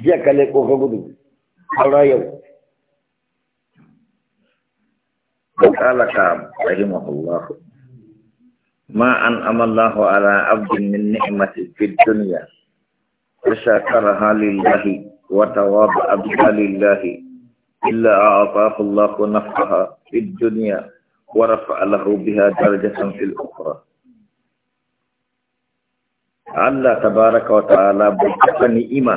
jiya ka leƙo ka gudu haura كعب رحمه الله ما أنعم الله على عبد من نعمة في الدنيا فشكرها لله وتواضع بها لله إلا أعطاه الله نفعها في الدنيا ورفع له بها درجة في الأخرى Allah tabaraka wa ta'ala bai taɓa ni'ima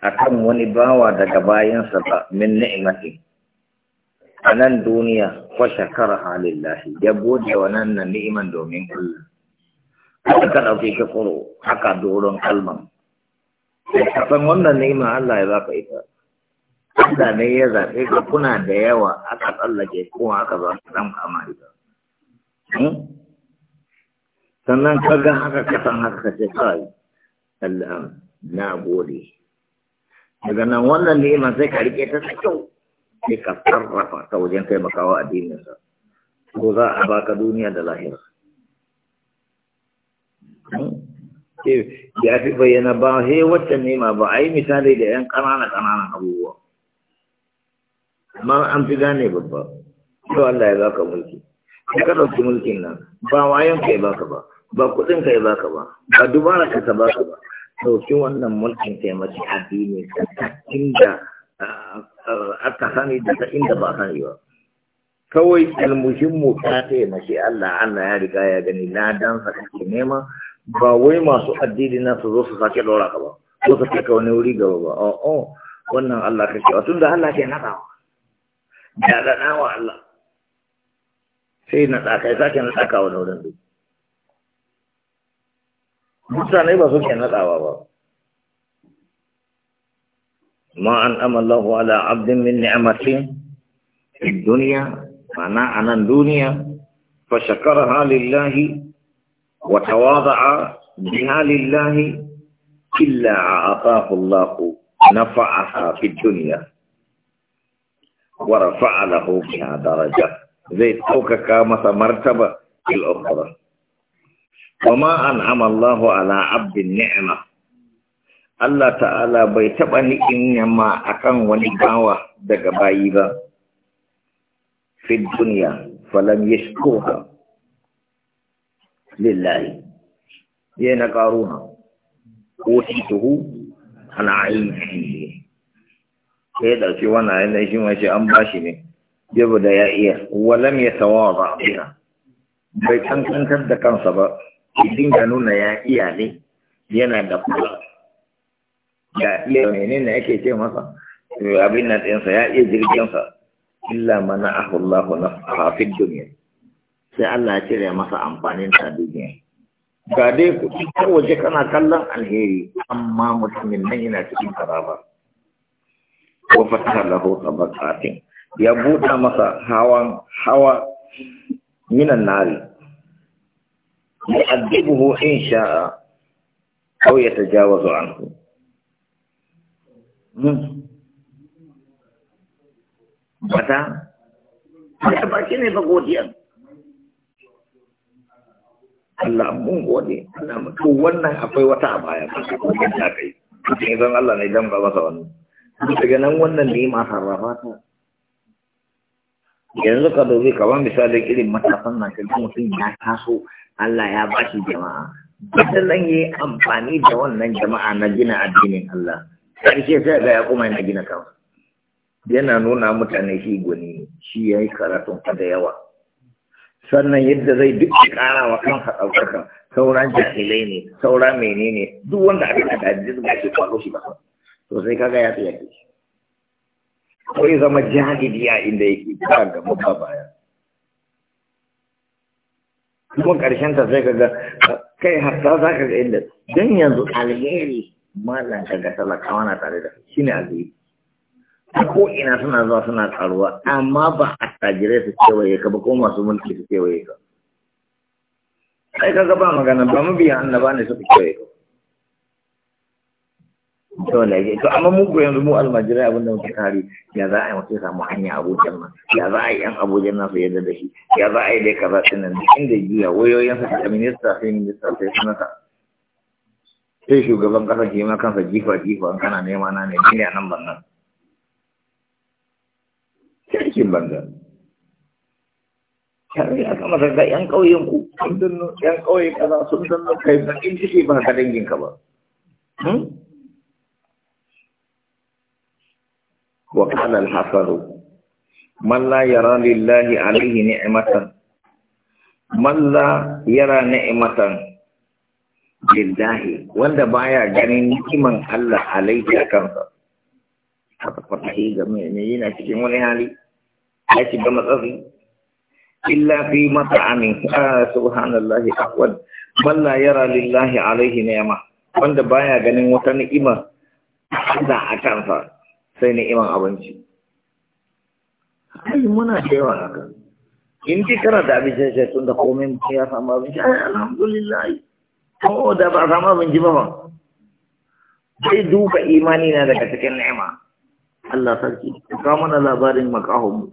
akan wani bawa daga bayansa ba min ni'imati a nan duniya wa shakara halillahi ya bude nan na ni'iman domin Allah kada ka ɗauke ka kuro haka doron kalman kafin wannan ni'ima Allah ya baka ita Allah ne ya zaɓe ka kuna da yawa aka tsallake ko aka ba su ɗan kama ita hmm? sannan ka ga haka ka san haka ka ce kai Allah na gode daga nan wannan neman sai ka rike ta kyau sai ka sarrafa ta wajen taimakawa addininsa ko za a baka duniya da lahira hmm? eh, ya fi bayyana ba he wacce nema ba a yi misali da yan ƙanana ƙananan abubuwa amma an fi gane babba to Allah ya ka mulki ya ka ɗauki mulkin nan ba wayon ka ba ka ba ba kuɗin ka ba ka ba ba dubara ka ta ba ka ba ɗauki wannan mulkin taimaki addini ta inda aka sani da ta inda ba sani ba kawai mu ta yi mace Allah Allah ya riga ya gani na dan sa kake nema ba wai masu addini na su zo su sake ɗora ka ba ko su ka wani wuri gaba ba oh oh wannan Allah kake wa tunda Allah ke nadawa da da Allah sai na tsaka ya sake na tsaka wani wurin duk mutane ba suke natsawa ba ma an amallahu ala abdin min ni'amatin fi duniya mana a nan duniya fa shakaraha lillahi wa tawada'a biha lillahi illa a'atahu Allah nafa'aha fi dunya wa rafa'a lahu biha darajah zai ɗaukaka masa martaba fil ukhra kuma an amallahu ala abdin ni'ma Allah ta'ala bai taɓa yamma akan wani bawa daga bayi ba fi duniya falam yashkuha lillahi yana Ko shi ala Ana sai da shi wannan yana shi ma shi an bashi ne ya يبدا يا إيه ولم يتواضع بها bai tantantar da kansa ba. idan ka nuna ya iya ne yana da kula da iya menene ake ce masa abin nan ɗinsa ya iya jirginsa illa mana ahullahu na hafin duniya sai Allah ya cire masa amfanin ta duniya ga dai ku ta waje kana kallon alheri amma mutumin nan yana cikin karaba wa fataha lahu tabaqatin ya buɗa masa hawan hawa minan nari yu'adhibuhu in sha'a aw yatajawazu anhu bata hmm. da baki ne ba godiya Allah mun gode Allah to wannan akwai wata a baya ba ko kai idan Allah ne dan ba masa wannan daga nan wannan ne ma harrafa ta yanzu ka ka ba misalin irin matasan nan kaji mutum ya taso Allah ya ba shi jama'a da nan yi amfani da wannan jama'a na gina addinin Allah ƙarshe sai ga ya kuma yana gina kansa yana nuna mutane shi gwani shi ya yi karatun da yawa sannan yadda zai duk kara wa kansa ɗaukaka sauran jahilai ne saura menene duk wanda aka kada duk shi kwallo shi ba sosai kaga ya tsaya shi Kawai zama jahidi a inda yake ba ga ba baya kuma ƙarshen ta sai kaga kai hatta za ka ga inda don yanzu alheri malam kaga talakawa na tare da shi ne alheri ta ko ina suna zuwa suna karuwa amma ba a tajirai su kewaye ka ba ko masu mulki su kewaye ka sai kaga ba magana ba mabiya annaba ne suka kewaye ka dole ya to amma mu goyon mu almajirai abin da muke kare ya za a yi mutum samu hanya abokan nan ya za a yi yan abokan nan su yadda da shi ya za a yi dai kaza din nan inda jiya wayoyin sa da minista sai minista sai sanata sai shugaban kasa ke ma kansa jifa jifa an kana nema na ne ne nan ban nan cikin banza Shari a kama daga ‘yan ƙauyen ku, sun dunnu, ‘yan ƙauye kaza sun dunnu kai bakin ciki ba ka danginka ba. Hmm? وقال الحسن من لا yara لله عليه نعمة من لا يرى نعمة lillahi wanda baya ganin nikiman Allah alaihi a kansa haka fatahi ga mai yana cikin wani hali ya shiga matsafi illa fi mata'ami ah, subhanallahi akwai balla yara lillahi alaihi ni'ama wanda baya ganin wata ni'ima Allah a kansa sai ni'iman abinci ai muna da yawa haka in ji kana da abincin sai tun da komai mutum ya samu abinci ai alhamdulillah ko da ba a samu abinci ba ba sai duka imani na daga cikin ni'ima Allah sarki ka mana labarin makahon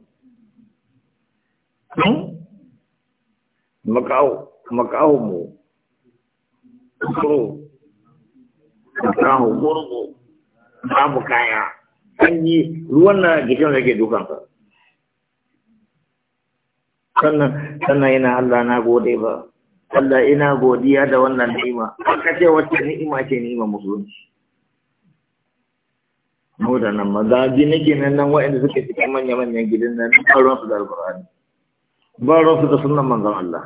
hmm? mu makaho makahon mu ko makaho babu kaya sanyi ruwan na ke rage dukansa sannan sannan yana Allah na gode ba Allah ina godiya da wannan ni'ima aka ce wacce ni'ima ce ni'ima musulunci mu da nan maza ji nake nan nan waɗanda suke cikin manya-manyan gidan nan ba ruwan su da alfahari ba ruwan su da sunan manzan Allah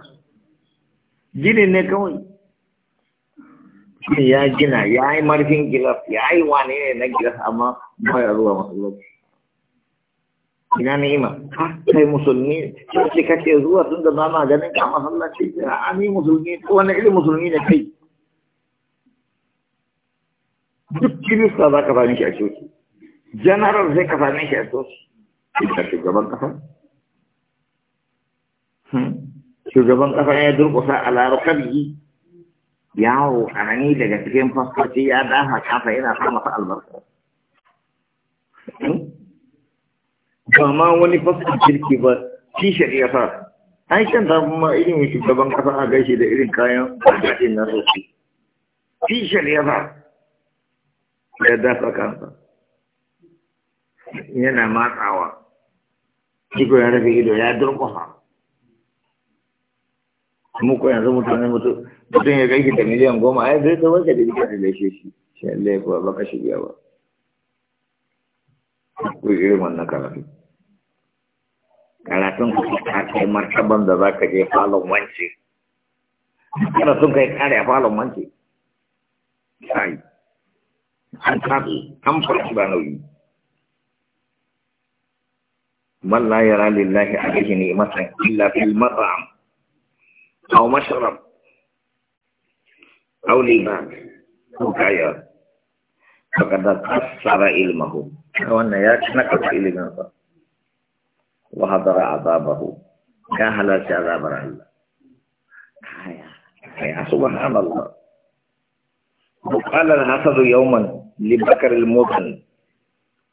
gini ne kawai shi ya gina ya yi marfin gilaf ya yi wane ne na gilaf amma ba ya zuwa masallaci ina ima ha kai musulmi sai kake zuwa tun da zama ganin ka masallaci a ni musulmi ko wani irin musulmi ne kai duk kirista za ka same shi a coci janaral zai ka same shi a coci ita shugaban kafa hmm. shugaban kafa ya durkusa a larukar yi yawo ƙarami daga cikin fasfaci ya dafa kafa yana sa albarka ba ma wani faskon kirki ba shi shari'a sa an shan ta kuma irin shugaban kasa a gaishe da irin kayan ƙarƙashin na sosai shi shari'a sa ya dafa kansa yana matsawa shi ya ido ya durƙusa mu ko yanzu mutane mutu, mutum ya kai da miliyan goma ai zai zama ka da da gaishe shi shi Allah ya kuwa baka shirya ba ku irin wannan karatu karatun ku ta kai martaban da za ka je falon wance karatun kai kare a falon wance sai an tafi an farki ba nauyi man la yara lillahi alaihi ni'matan illa fil mat'am أو مشرب أو لبان أو كايا فقد قصر علمه أن يكنك علمه وحضر عذابه كهلا عذاب الله يا سبحان الله وقال الحسد يوما لبكر المطن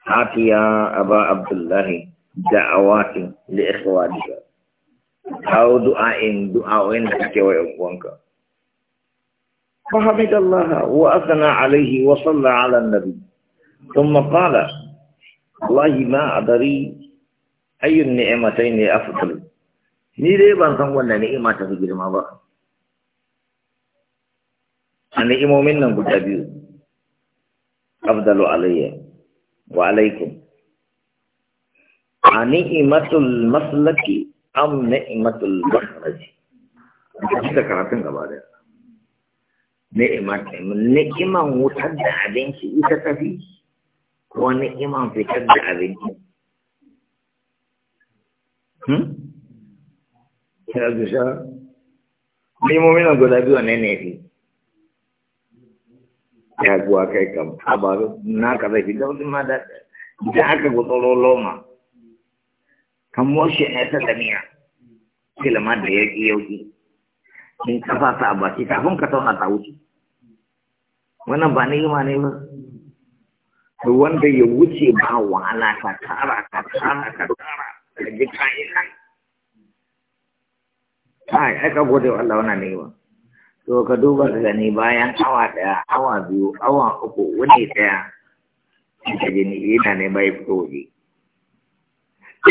آتي يا أبا عبد الله دعوات لإخوانك أو دعاء دعاء عندك ويقوانك فحمد الله وأثنى عليه وصلى على النبي ثم قال والله ما أدري أي النعمتين أفضل ni dai ban san wannan ni'ima ta fi girma ba a ni'imomin nan guda biyu afdalu alayya wa alaikum a ni'imatul maslaki am ni'matul makhraj da karatun gaba da ni'mat ni'iman wutar da abinci ita tafi ko ni'iman fitar da abinci hmm ya ni limomin guda biyu ne ne fi ya zuwa kai kam abaru na ka zai fi da wasu ma da aka gutsuro loma kan moshe ne ta damiya kilama da yauki yauki in kafa ta baki kafin ka tauna ta wuce wannan ba ni'ima ne ba to wanda ya wuce ba wahala ka tara ka tara ka tara ka ji kayan nan ai ai ka gode wa Allah wannan ni'ima to ka duba ka gani bayan awa daya awa biyu awa uku wani daya ka ji ni ina ne bai fito waje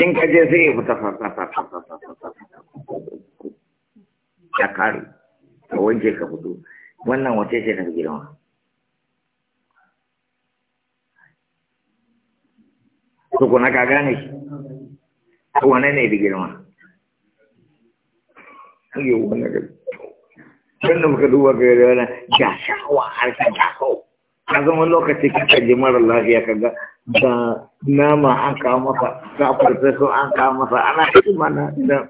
in ka je sai ya fita ya kare ka wanke ka fito wannan wace ce ka gane shi wane ne da girma can da muka duba gari ga ta ka zama lokaci kaka marar lafiya ka ga da nama an kawo masa da farfeso an kawo masa ana yi mana da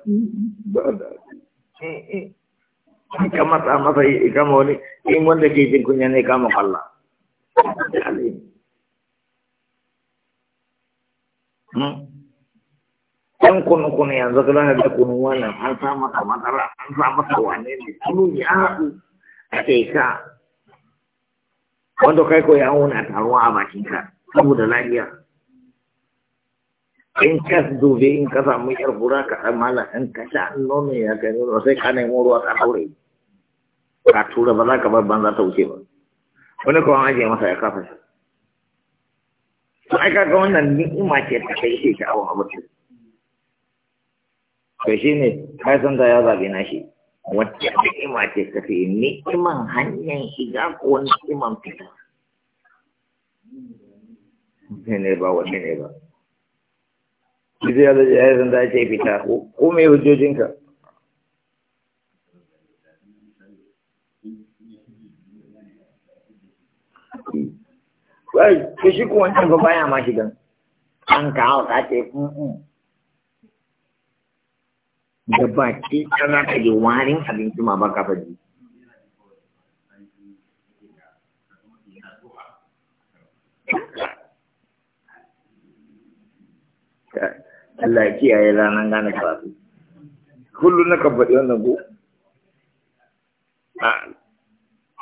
an kama ta masa yi kama wani in wanda ke jin kunya ne kama kwalla yan kunu kunu yanzu kana da kunu wannan an sa masa madara an sa masa wane ne kunu ya haɗu a ka wanda kai ko ya wuna taruwa a bakin ka saboda lafiya in ka dube in ka samu yar gura ka dan mala in ka sha nono ya kai nono sai ka mu ruwa ka daure ka tura ba za ka bar banza ta wuce ba wani kuma aje masa ya kafa shi to ai ga wannan ni'ima ce ta kai shi sha'awar abincin to shi ne san da ya zabi na shi wacce ni'ima ce ta fi ni'iman hanyar shiga ko ni'iman fita ne ba wanne ne ba idan ya zai zan da ake fita ko me hujjojinka wai ke shi ko wancan ba baya ma shigan an kawo ka ce da baki kana ka da warin abinci ma ba ka faji Allah ya kiyaye ranar gane karatu kullum na kabbaɗi wannan ko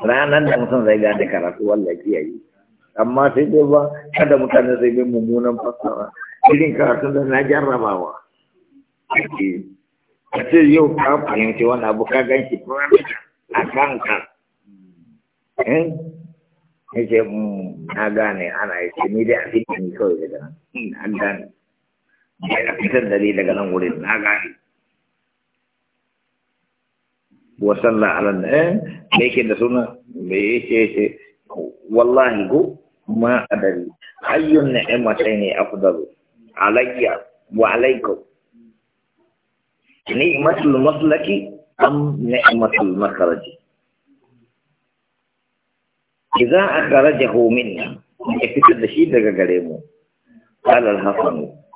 ranar da mutum zai gane karatu Allah ya kiyaye amma sai dai ba kada mutane zai bi mummunan fasawa. irin karatun da na jarrabawa a ce yau ka fahimci wani abu ka gan shi a kanka eh? ya ce hmm, na gane ana yi ni dai a fitin kawai daga nan hmm, an gane ya fitar da ni daga nan wurin na gani wa sallah ala eh da yake da suna me yake wallahi go ma a dari? adari ayyun ni'matayn afdalu alayya wa alaykum ni'matul maslaki am ni'matul Idan aka akhrajahu homin, ya fitar da shi daga gare mu qala al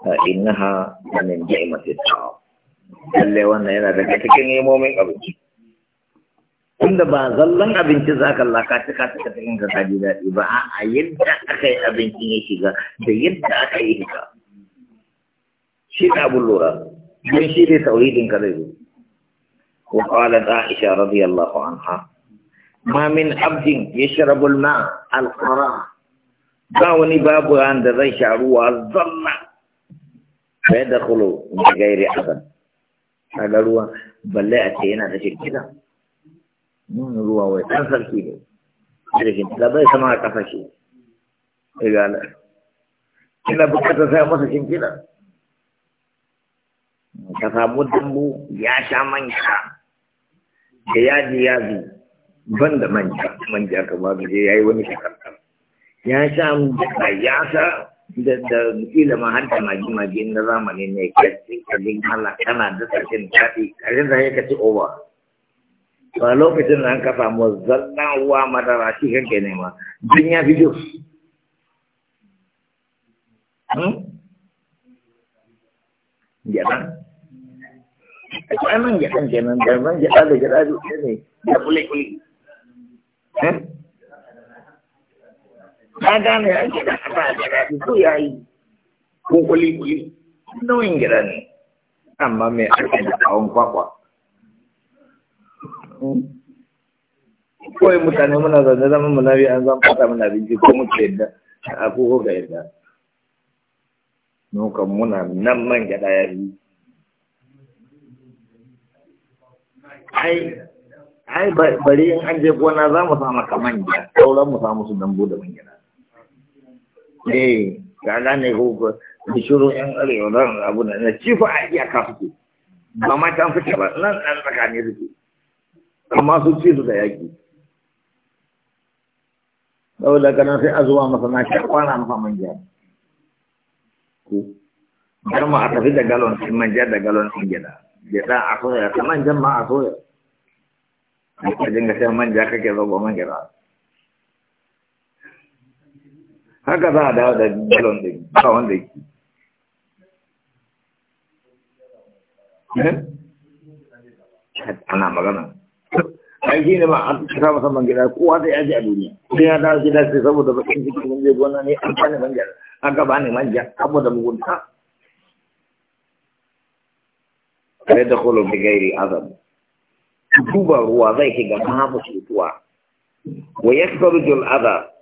فإنها min نعمة الطعام lalle wannan yana daga cikin nemomin abinci Inda ba zallan abinci za ka laka ta ka ta cikin ka ji daɗi ba a yadda aka yi abincin ya shiga da yadda aka yi shiga shi ta abun lura don shi ne tauhidin ka zai zo wa qalat isha radiyallahu anha ma min abdin yashrabu al-ma'a al ba wani babu da zai sha ruwa zalla فيدخل بغير أذن هذا هو بلاء تينا تشير كده نون روا ويتنفر كده لكن لا بأس سماع كفاشي قال كده بكتا سيما تشير كده ka samu dambu ya sha manja da yaji yaji ban da manja manja kamar da ya yi wani shakar ya da da kila ma har da magi magi na zamani ne ke cikin Allah kana da sakin tafi karin da yake ci ba lokacin da an kafa samu zallan wa madara shi kake nema din ya fi jus hmm? ne ya eh na gane ya gida a ba da daɗi ko ya yi ko kuli kuli nauyin gida ne amma mai ake da kawon kwakwa kawai mutane muna zaune zama muna bi an zama fata muna binci ko muke yadda a ko ga yadda nukan muna nan man gyaɗa ya yi ai ai bari in an je gona za mu samu kamar gida sauran mu samu su dambo da man gyaɗa eh ka gane ko bishirun yan arewa nan abu da na cifa a iyaka suke ba ma ta fita ba nan ɗan tsakani suke amma su ci su da yaƙi saboda ganin sai a zuwa masa na shi kwana masa manja har ma a tafi da galon ɗin manja da galon ɗin gida gida a soya ta manjan ma a soya a dinga sai manja kake zo goman gida haka za a dawo da galon din ba wanda yake eh? ana magana an shi ne ma an kasa musamman gida kowa zai yaji a duniya sai ya dawo gida sai saboda bakin ciki mun je gona ne an bani manja an ka bani manja saboda mugunta sai da kolo bi gairi azab duba ruwa zai shiga shi tuwa wa yakbaru jul azab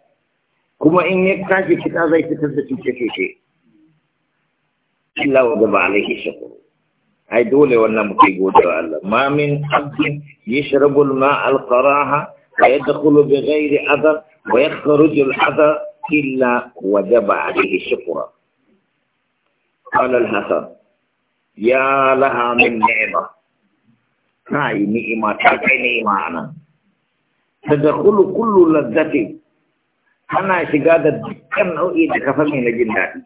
kuma in ya tashi kita zai fitar da cuce cuce Allah wa gaba alaihi shukr ai dole wannan muke gode wa Allah ma min abdin yashrabu al-ma'a al-qaraha wa yadkhulu bighayri ghairi wa yakhruju al-adar illa wajaba alaihi shukr qala al-hasan ya laha min ni'ma kai ni'ma ta kai ni'ma ana tadkhulu kullu ladzati tana shiga da dukkan nau'i da kafa mai na jin daɗi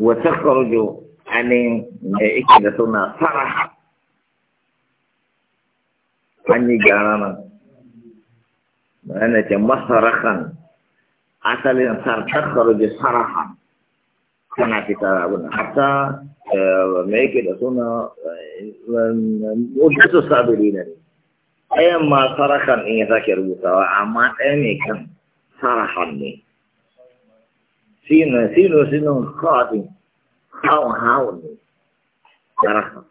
wa takhruju anin da yake da suna faraha an yi gyara nan bayan ce masarakan asalin sar takhruju saraha tana fita abin hatta me yake da suna mutu sabiri ne ɗayan ma sarakan in ya sake rubutawa amma ɗaya ne kan sarahan ne sinu sinu sinu kawai hawan hawan ne sarahan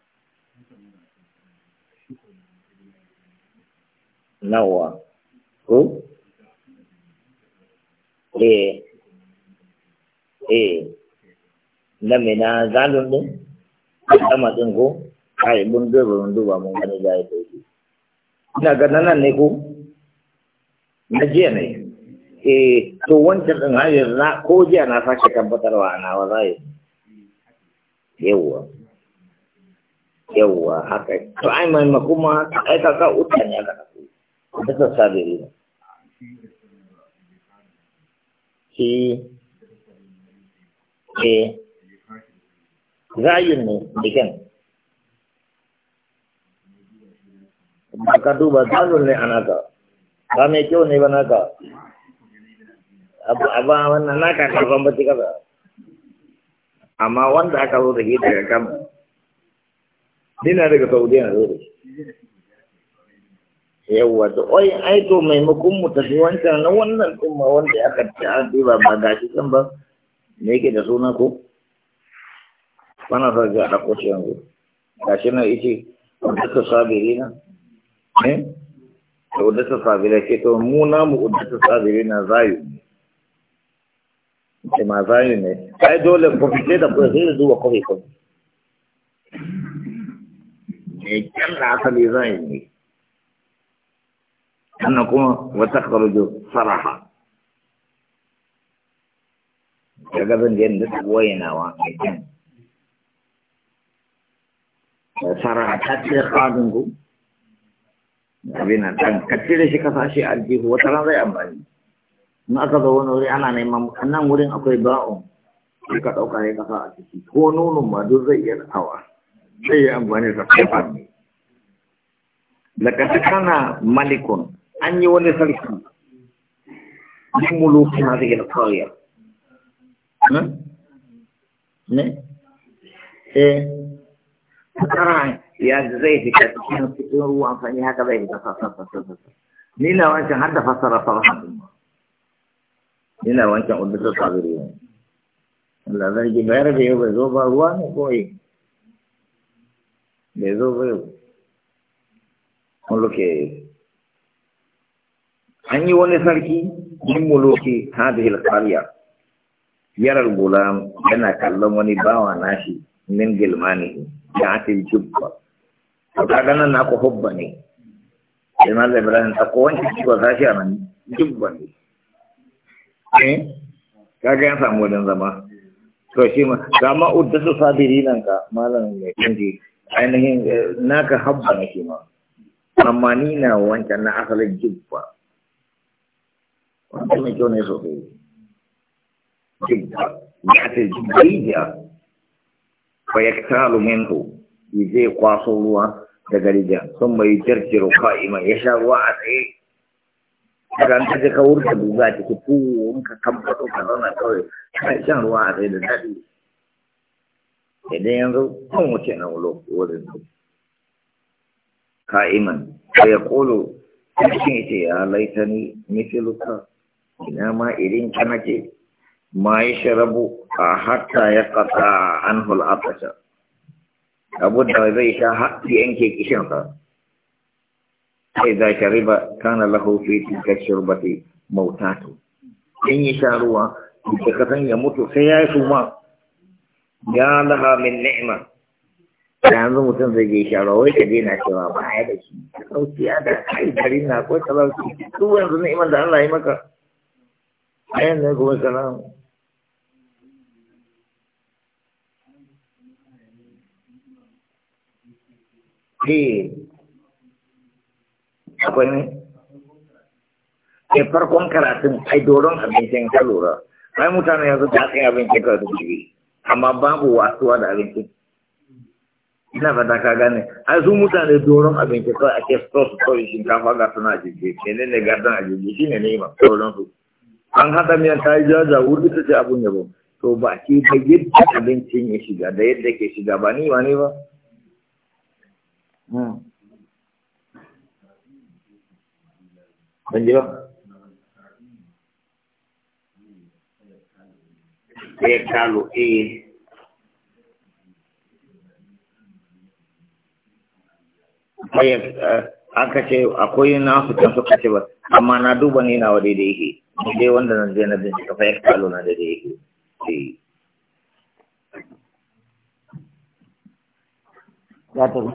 nawa ko eh eh na mina zalun ɗin a ɗin ko kai mun duba mun duba mun gani da ya ina ga nan ne ko na jiya ne e to wancan din hanyar na ko jiya na sake tabbatarwa na wa zai Yauwa, yauwa haka to ai mai makuma ai ka ka utan ya ka da ta sabiri ne Ki! eh, eh. zayin ne dikan ba ka duba zalun ne ana ka ba mai kyau ne ba na ka abu a wannan na ka karfan ba kasa amma wanda aka zo da shi kama zo shi oi ai to maimakon mu tafi wancan na wannan kuma wanda aka ta diba ba ga shi kan ba me yake da suna ko wannan a eh da uddata sabila ke to mu namu uddata sabila na zayu ce ma zayu ne ai dole ku fice da ku sai zuwa kofi kofi ne kan na asali zayu ne sannan kuma wata karujo saraha daga zan je da ta wayanawa mai kyan saraha ta ce kadin ku abin nan si ka cire shi ka sashi aljihu wata ran zai amfani in aka zo wani wuri ana neman nan wurin akwai ba'un sai ka ɗauka ne kasa a ciki ko nonon ma duk zai iya hawa zai yi amfani da kana malikun an yi wani sarki min mulukin hadhihi al ne eh sekarang ya zai fita cikin cikin ruwan sanyi haka zai fita sassan ni na wancan har da fassara sarrafa ni na wancan udutar sabiri ne Allah zargi bayar da yau bai zo ba ruwa ne koyi bai zo ba yau kun luke an yi wani sarki min muluki ha hadihil qariya yaral gulam yana kallon wani bawa nashi min gilmani ya atil jubba to kaga nan na ku hubba ne sai mal ibrahim ta ko wanki ci ba za shi a nan dubba ne eh kaga ya samu wajen zama to shi ma ga ma uddasu sabiri nan ka malam mai kanji ainihin eh, naka habba na shi ma amma ni na wancan na asalin jibba wanda mai kyau ne sosai jibba ya ce jibba ya fa ya ku. minhu zai kwaso ruwa daga rijiya sun mai jarjiro ima ya sha ruwa a tsaye daga an kaje ka wurta duba a ciki tuwon ka tabbato ka zauna kawai ka sha ruwa a tsaye da daɗi idan yanzu kan wuce na wulo wurin su ka'iman ya kolo cikin ce ya laitani mitiluka ina ma irin kanake? ma yi sharabu a hatta ya kasa an hul'afasha abu da zai sha haƙƙi yanke kishinsa sai za ka riba kana lahu fi tilka shurbati mautatu in yi sha ruwa da ka san ya mutu sai ya yi suma ya laha min ni'ma yanzu mutum zai yi sha ruwa wai ka daina cewa ba ya da shi sauki ya da kai gari na ko talauci Su yanzu ni'imar da Allah ya maka a yanzu kuma sana'a eh akwai ne ke farkon karatun ai doron abincin kalora. lura ai mutane yanzu ta tsaye abincin ka su jiri amma babu wasuwa da abincin ina fata ka gane ai su mutane doron abinci kawai ake so su kawai shinkafa ga suna jirgi ke ne ne gardan a jirgi shi ne ne ma sauran su an haɗa miyan ta yi jaja wuri ta ce abun yabo to ba ke da yadda abincin ya shiga da yadda ke shiga ba ni ba ne ba ban hmm. ji eh, eh, aka ce akwai na fitan suka ce ba amma na duba ni nawa daidai yake dai wanda nan je na bincika fa ya na daidai yake eh. ya